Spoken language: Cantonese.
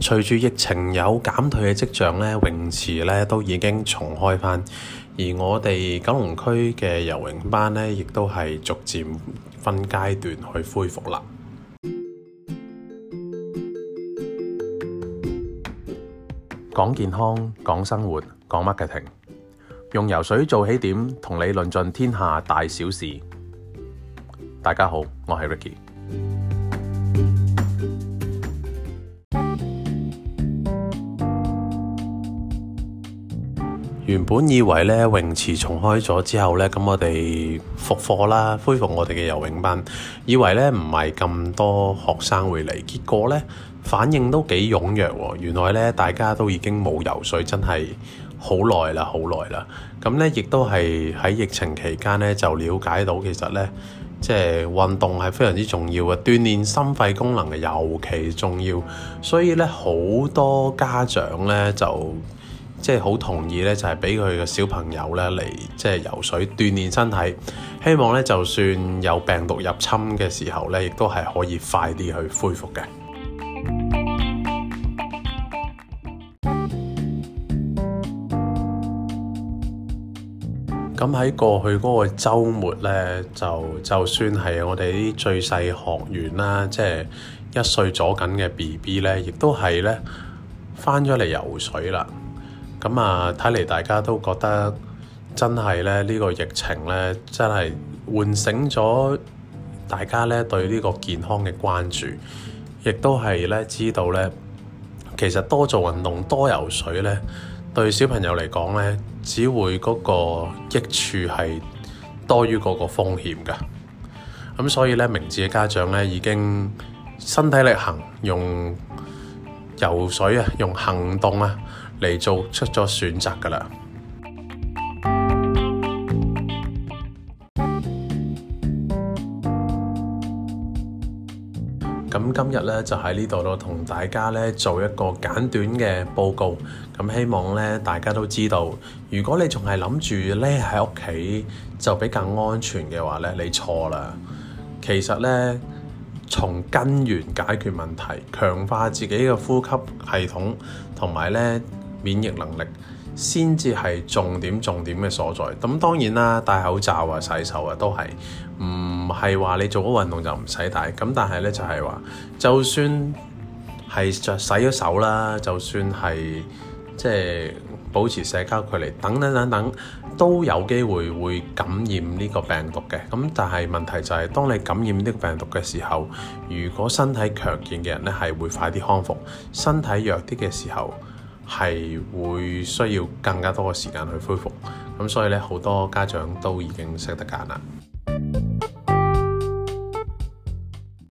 隨住疫情有減退嘅跡象咧，泳池咧都已經重開返，而我哋九龍區嘅游泳班咧，亦都係逐漸分階段去恢復啦。講健康，講生活，講 marketing，用游水做起點，同你論盡天下大小事。大家好，我係 Ricky。原本以為呢泳池重開咗之後呢咁我哋復課啦，恢復我哋嘅游泳班，以為呢唔係咁多學生會嚟，結果呢反應都幾踴躍喎。原來呢大家都已經冇游水真係好耐啦，好耐啦。咁呢亦都係喺疫情期間呢，就了解到，其實呢，即係運動係非常之重要嘅，鍛鍊心肺功能尤其重要。所以呢，好多家長呢就，即係好同意呢，就係俾佢嘅小朋友呢嚟，即係游水，就是、游水鍛鍊身體。希望呢，就算有病毒入侵嘅時候呢，亦都係可以快啲去恢復嘅。咁喺 過去嗰個週末呢，就就算係我哋啲最細學員啦，即、就、係、是、一歲左緊嘅 BB 呢，亦都係呢翻咗嚟游水啦。咁啊，睇嚟，大家都覺得真係咧，呢個疫情咧，真係喚醒咗大家咧對呢個健康嘅關注，亦都係咧知道咧，其實多做運動，多游水咧，對小朋友嚟講咧，只會嗰個益處係多於嗰個風險㗎。咁所以咧，明智嘅家長咧已經身體力行，用游水啊，用行動啊。嚟做出咗選擇噶啦。咁今日呢，就喺呢度咯，同大家呢做一個簡短嘅報告。咁希望呢，大家都知道，如果你仲係諗住呢喺屋企就比較安全嘅話呢，你錯啦。其實呢，從根源解決問題，強化自己嘅呼吸系統，同埋呢。免疫能力先至係重點重點嘅所在。咁當然啦，戴口罩啊、洗手啊，都係唔係話你做咗運動就唔使戴咁？但係咧就係話就算係着洗咗手啦，就算係即係保持社交距離等等等等，都有機會會感染呢個病毒嘅。咁但係問題就係，當你感染呢個病毒嘅時候，如果身體強健嘅人咧，係會快啲康復，身體弱啲嘅時候，係會需要更加多嘅時間去恢復，咁所以呢，好多家長都已經識得揀啦。